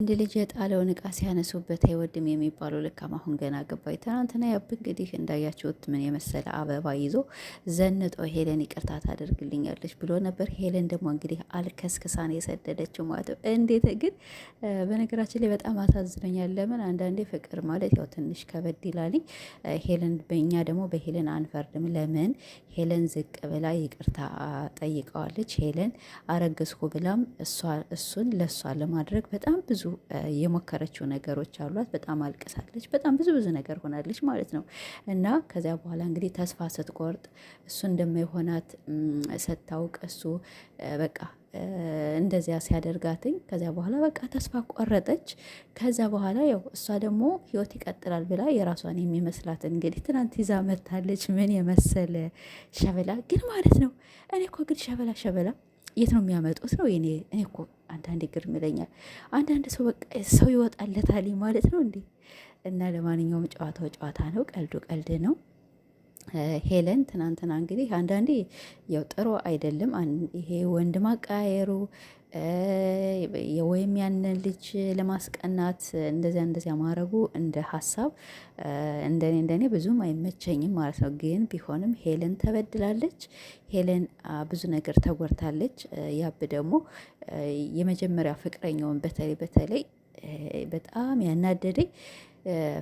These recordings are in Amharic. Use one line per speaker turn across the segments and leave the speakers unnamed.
እንደ ልጅ የጣለውን እቃ ሲያነሱበት አይወድም የሚባለው ልካም አሁን ገና ገባኝ። ትናንትና ያብ እንግዲህ እንዳያችሁት ምን የመሰለ አበባ ይዞ ዘንጦ ሄለን ይቅርታ ታደርግልኛለች ብሎ ነበር። ሄለን ደግሞ እንግዲህ አልከስክሳን የሰደደችው ማለት ነው። እንዴት ግን በነገራችን ላይ በጣም አሳዝኖኛል። ለምን አንዳንዴ ፍቅር ማለት ያው ትንሽ ከበድ ይላልኝ። ሄለን በእኛ ደግሞ በሄለን አንፈርድም። ለምን ሄለን ዝቅ ብላ ይቅርታ ጠይቀዋለች። ሄለን አረገዝኩ ብላም እሱን ለእሷ ለማድረግ በጣም ብዙ የሞከረችው ነገሮች አሏት። በጣም አልቅሳለች። በጣም ብዙ ብዙ ነገር ሆናለች ማለት ነው። እና ከዚያ በኋላ እንግዲህ ተስፋ ስትቆርጥ እሱ እንደማይሆናት ስታውቅ እሱ በቃ እንደዚያ ሲያደርጋትኝ ከዚያ በኋላ በቃ ተስፋ ቆረጠች። ከዛ በኋላ ያው እሷ ደግሞ ህይወት ይቀጥላል ብላ የራሷን የሚመስላት እንግዲህ ትናንት ይዛ መታለች። ምን የመሰለ ሸበላ ግን ማለት ነው። እኔ እኮ ግን ሸበላ ሸበላ የት ነው የሚያመጡት ነው እኔ እኮ አንዳንድ ግርም ይለኛል። አንዳንድ ሰው በቃ ሰው ይወጣለታል ማለት ነው እንዴ! እና ለማንኛውም ጨዋታው ጨዋታ ነው፣ ቀልዱ ቀልድ ነው። ሄለን ትናንትና እንግዲህ አንዳንዴ ያው ጥሩ አይደለም። ይሄ ወንድ ማቃየሩ ወይም ያንን ልጅ ለማስቀናት እንደዚያ እንደዚያ ማድረጉ እንደ ሀሳብ እንደኔ እንደኔ ብዙም አይመቸኝም ማለት ነው። ግን ቢሆንም ሄለን ተበድላለች። ሄለን ብዙ ነገር ተጎድታለች። ያብ ደግሞ የመጀመሪያ ፍቅረኛውን በተለይ በተለይ በጣም ያናደደኝ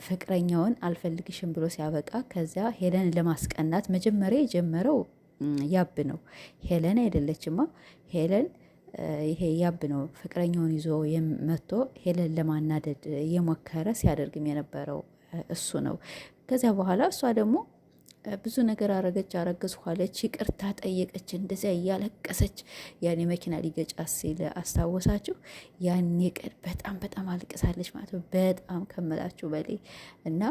ፍቅረኛውን አልፈልግሽም ብሎ ሲያበቃ ከዚያ ሄለን ለማስቀናት መጀመሪያ የጀመረው ያብ ነው። ሄለን አይደለችማ። ሄለን ይሄ ያብ ነው ፍቅረኛውን ይዞ መጥቶ ሄለን ለማናደድ የሞከረ ሲያደርግም የነበረው እሱ ነው። ከዚያ በኋላ እሷ ደግሞ ብዙ ነገር አረገች፣ አረገዝኋለች፣ ይቅርታ ጠየቀች፣ እንደዚያ እያለቀሰች ያኔ መኪና ሊገጫ ሲል አስታወሳችሁ? ያኔ ቀን በጣም በጣም አልቅሳለች ማለት ነው። በጣም ከመላችሁ በላይ እና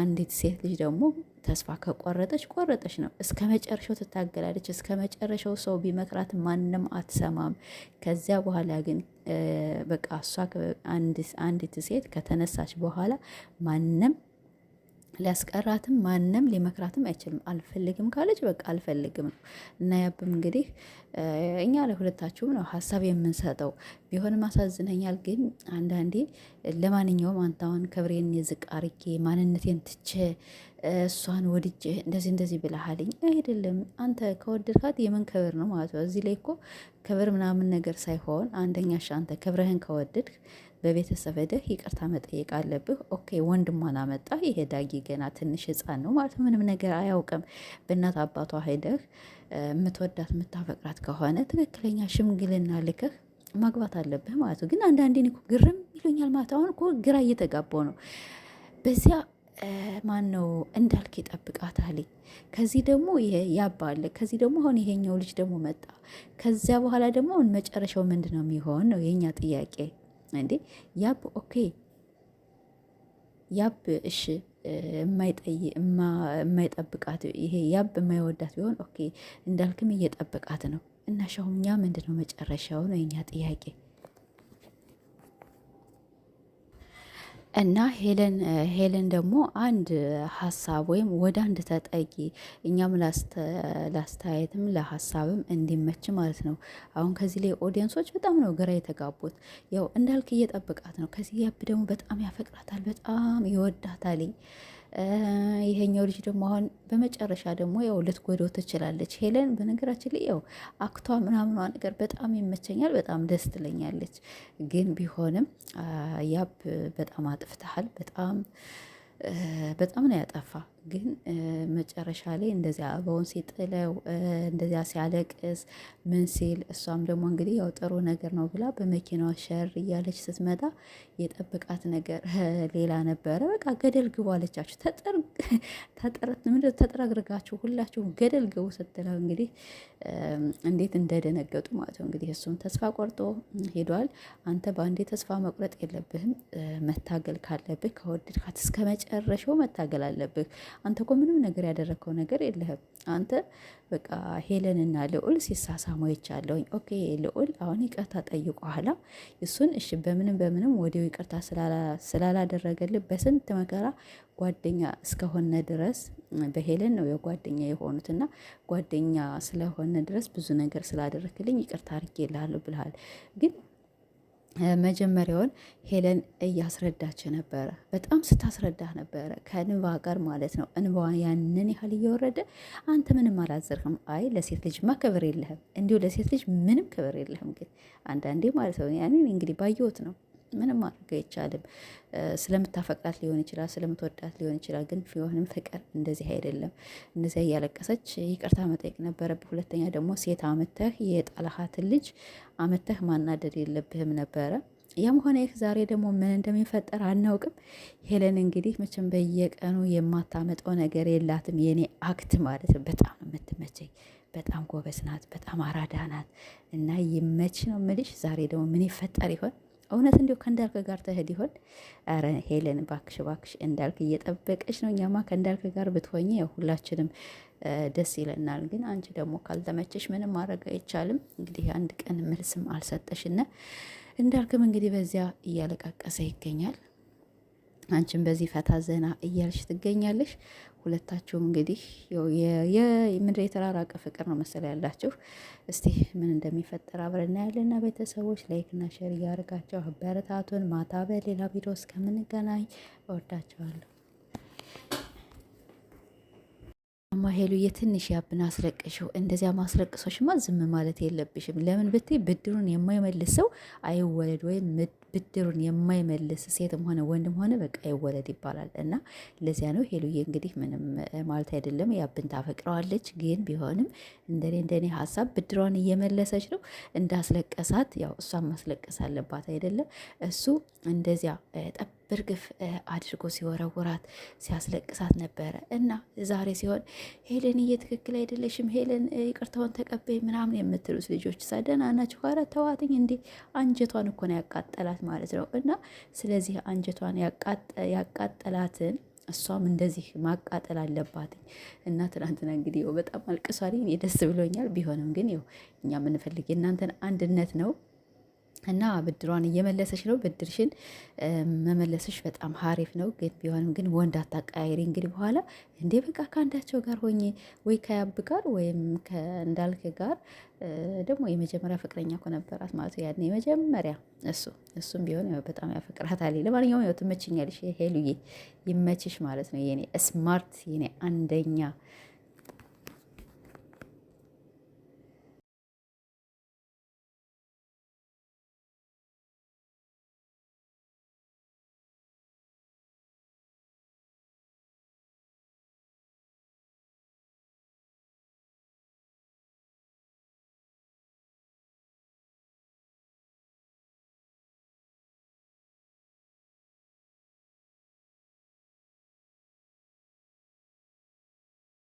አንዲት ሴት ልጅ ደግሞ ተስፋ ከቆረጠች ቆረጠች ነው። እስከ መጨረሻው ትታገላለች። እስከ መጨረሻው ሰው ቢመክራት ማንም አትሰማም። ከዚያ በኋላ ግን በቃ እሷ አንዲት ሴት ከተነሳች በኋላ ማንም ሊያስቀራትም ማንም ሊመክራትም አይችልም። አልፈልግም ካለች በቃ አልፈልግም ነው እና ያብም እንግዲህ እኛ ለሁለታችሁም ነው ሀሳብ የምንሰጠው። ቢሆንም አሳዝነኛል፣ ግን አንዳንዴ ለማንኛውም አንታውን ክብሬን የዝቅ አርጌ ማንነቴን ትቼ እሷን ወድጄ እንደዚህ እንደዚህ ብለሃልኝ አይደለም። አንተ ከወደድካት የምን ክብር ነው ማለት ነው? እዚህ ላይ እኮ ክብር ምናምን ነገር ሳይሆን አንደኛ አንተ ክብርህን ከወደድክ በቤተሰብ ደህ ይቅርታ መጠየቅ አለብህ። ኦኬ ወንድሟን አመጣ። ይሄ ዳጊ ገና ትንሽ ህፃን ነው ማለት ምንም ነገር አያውቅም። በእናት አባቷ ሄደህ የምትወዳት የምታፈቅራት ከሆነ ትክክለኛ ሽምግልና ልከህ ማግባት አለብህ ማለት ነው። ግን አንዳንዴ እኮ ግርም ይሉኛል ማለት አሁን እኮ ግራ እየተጋባው ነው። በዚያ ማን ነው እንዳልክ ይጠብቃታል። ከዚህ ደግሞ ይሄ ያባለ ከዚህ ደግሞ አሁን ይሄኛው ልጅ ደግሞ መጣ። ከዚያ በኋላ ደግሞ መጨረሻው ምንድን ነው የሚሆን ነው የእኛ ጥያቄ። እንዴ ያብ ኦኬ ያብ እሺ የማይጠብቃት ይሄ ያብ የማይወዳት ቢሆን ኦኬ እንዳልክም እየጠብቃት ነው። እና ሻሁኛ ምንድን ነው መጨረሻው የኛ ጥያቄ። እና ሄለን ሄለን ደግሞ አንድ ሀሳብ ወይም ወደ አንድ ተጠጊ እኛም ላስተያየትም ለሀሳብም እንዲመች ማለት ነው። አሁን ከዚህ ላይ ኦዲየንሶች በጣም ነው ግራ የተጋቡት። ያው እንዳልክ እየጠበቃት ነው። ከዚህ ያብ ደግሞ በጣም ያፈቅራታል፣ በጣም ይወዳታል። ይሄኛው ልጅ ደግሞ አሁን በመጨረሻ ደግሞ ያው ልትጎዳው ትችላለች ሄለን። በነገራችን ላይ ያው አክቷ ምናምኗ ነገር በጣም ይመቸኛል፣ በጣም ደስ ትለኛለች። ግን ቢሆንም ያብ በጣም አጥፍተሃል በጣም በጣም ነው ያጠፋ። ግን መጨረሻ ላይ እንደዚያ አበባውን ሲጥለው እንደዚያ ሲያለቅስ ምን ሲል እሷም ደግሞ እንግዲህ ያው ጥሩ ነገር ነው ብላ በመኪናዋ ሸር እያለች ስትመጣ የጠብቃት ነገር ሌላ ነበረ። በቃ ገደል ግቡ አለቻችሁ። ተጠረግርጋችሁ ሁላችሁ ገደል ግቡ ስትለው እንግዲህ እንዴት እንደደነገጡ ማለት ነው። እንግዲህ እሱም ተስፋ ቆርጦ ሄዷል። አንተ በአንዴ ተስፋ መቁረጥ የለብህም። መታገል ካለብህ ከወደድካት እስከ መጨ መጨረሻው መታገል አለብህ። አንተ እኮ ምንም ነገር ያደረግከው ነገር የለህም። አንተ በቃ ሄለንና ልዑል ሲሳሳሙ ይቻለሁኝ። ኦኬ ልዑል አሁን ይቅርታ ጠይቆ ኋላ እሱን እሺ፣ በምንም በምንም ወዲያው ይቅርታ ስላላደረገልህ በስንት መከራ ጓደኛ እስከሆነ ድረስ በሄለን ነው የጓደኛ የሆኑት እና ጓደኛ ስለሆነ ድረስ ብዙ ነገር ስላደረክልኝ ይቅርታ አድርጌልሃለሁ ብልሃል ግን መጀመሪያውን ሄለን እያስረዳች ነበረ። በጣም ስታስረዳህ ነበረ ከእንባ ጋር ማለት ነው። እንባ ያንን ያህል እየወረደ አንተ ምንም አላዘርህም። አይ ለሴት ልጅማ ክብር የለህም፣ እንዲሁ ለሴት ልጅ ምንም ክብር የለህም። ግን አንዳንዴ ማለት ነው ያንን እንግዲህ ባየሁት ነው ምንም ማድረግ አይቻልም። ስለምታፈቅራት ሊሆን ይችላል፣ ስለምትወዳት ሊሆን ይችላል። ግን ቢሆንም ፍቅር እንደዚህ አይደለም። እንደዚያ እያለቀሰች ይቅርታ መጠየቅ ነበረብህ። ሁለተኛ ደግሞ ሴት አመተህ የጣላሃትን ልጅ አመተህ ማናደድ የለብህም ነበረ። ያም ሆነ ይህ ዛሬ ደግሞ ምን እንደሚፈጠር አናውቅም። ሄለን እንግዲህ መቼም በየቀኑ የማታመጠው ነገር የላትም። የኔ አክት ማለት በጣም የምትመቸኝ በጣም ጎበዝ ናት፣ በጣም አራዳ ናት እና ይመች ነው ምልሽ። ዛሬ ደግሞ ምን ይፈጠር ይሆን? እውነት እንዲሁ ከእንዳልክ ጋር ተሄድ ይሆን? ኧረ ሄለን ባክሽ ባክሽ እንዳልክ እየጠበቀች ነው። እኛማ ከእንዳልክ ጋር ብትሆኝ ሁላችንም ደስ ይለናል። ግን አንቺ ደግሞ ካልተመቸሽ ምንም ማድረግ አይቻልም። እንግዲህ አንድ ቀን መልስም አልሰጠሽና እንዳልክም እንግዲህ በዚያ እያለቃቀሰ ይገኛል። አንቺም በዚህ ፈታ ዘና እያልሽ ትገኛለሽ። ሁለታችሁም እንግዲህ ምድር የተራራቀ ፍቅር ነው መሰል ያላችሁ። እስቲ ምን እንደሚፈጠር አብረና ያለና ቤተሰቦች ላይክና ሼር እያደርጋቸው አበረታቱን። ማታ በሌላ ቪዲዮ እስከምንገናኝ እወዳቸዋለሁ። ማ ሄሉ የትንሽ ያብን አስለቀሽው እንደዚያ ማስለቅሶሽማ ዝም ማለት የለብሽም። ለምን ብትይ ብድሩን የማይመልስ ሰው አይወለድ ወይም ብድሩን የማይመልስ ሴትም ሆነ ወንድም ሆነ በቃ አይወለድ ይባላል። እና ለዚያ ነው ሄሉዬ እንግዲህ ምንም ማለት አይደለም። ያብን ታፈቅረዋለች። ግን ቢሆንም እንደኔ እንደኔ ሀሳብ ብድሯን እየመለሰች ነው። እንዳስለቀሳት ያው እሷን ማስለቀስ አለባት አይደለም እሱ እንደዚያ ብርግፍ አድርጎ ሲወረውራት ሲያስለቅሳት ነበረ እና ዛሬ ሲሆን ሄለን እየትክክል አይደለሽም፣ ሄለን ይቅርታውን ተቀበይ ምናምን የምትሉት ልጆች ሳደና ናቸው። ኧረ ተዋትኝ እንዴ! አንጀቷን እኮ ነው ያቃጠላት ማለት ነው። እና ስለዚህ አንጀቷን ያቃጠላትን እሷም እንደዚህ ማቃጠል አለባትኝ እና ትናንትና እንግዲህ በጣም አልቅሷል። እኔ ደስ ብሎኛል። ቢሆንም ግን ያው እኛ የምንፈልግ የእናንተን አንድነት ነው። እና ብድሯን እየመለሰች ነው። ብድርሽን መመለስሽ በጣም ሀሪፍ ነው። ግን ቢሆንም ግን ወንድ አታቀያይሪ። እንግዲህ በኋላ እንዴ በቃ ከአንዳቸው ጋር ሆኜ ወይ ከያብ ጋር ወይም ከእንዳልክ ጋር ደግሞ የመጀመሪያ ፍቅረኛ እኮ ነበራት ማለት ነው። ያን የመጀመሪያ እሱ እሱም ቢሆን በጣም ያፈቅራታል። ለማንኛውም ያው ትመችኛለሽ ሄሉዬ፣ ይመችሽ ማለት ነው። የኔ ስማርት የኔ አንደኛ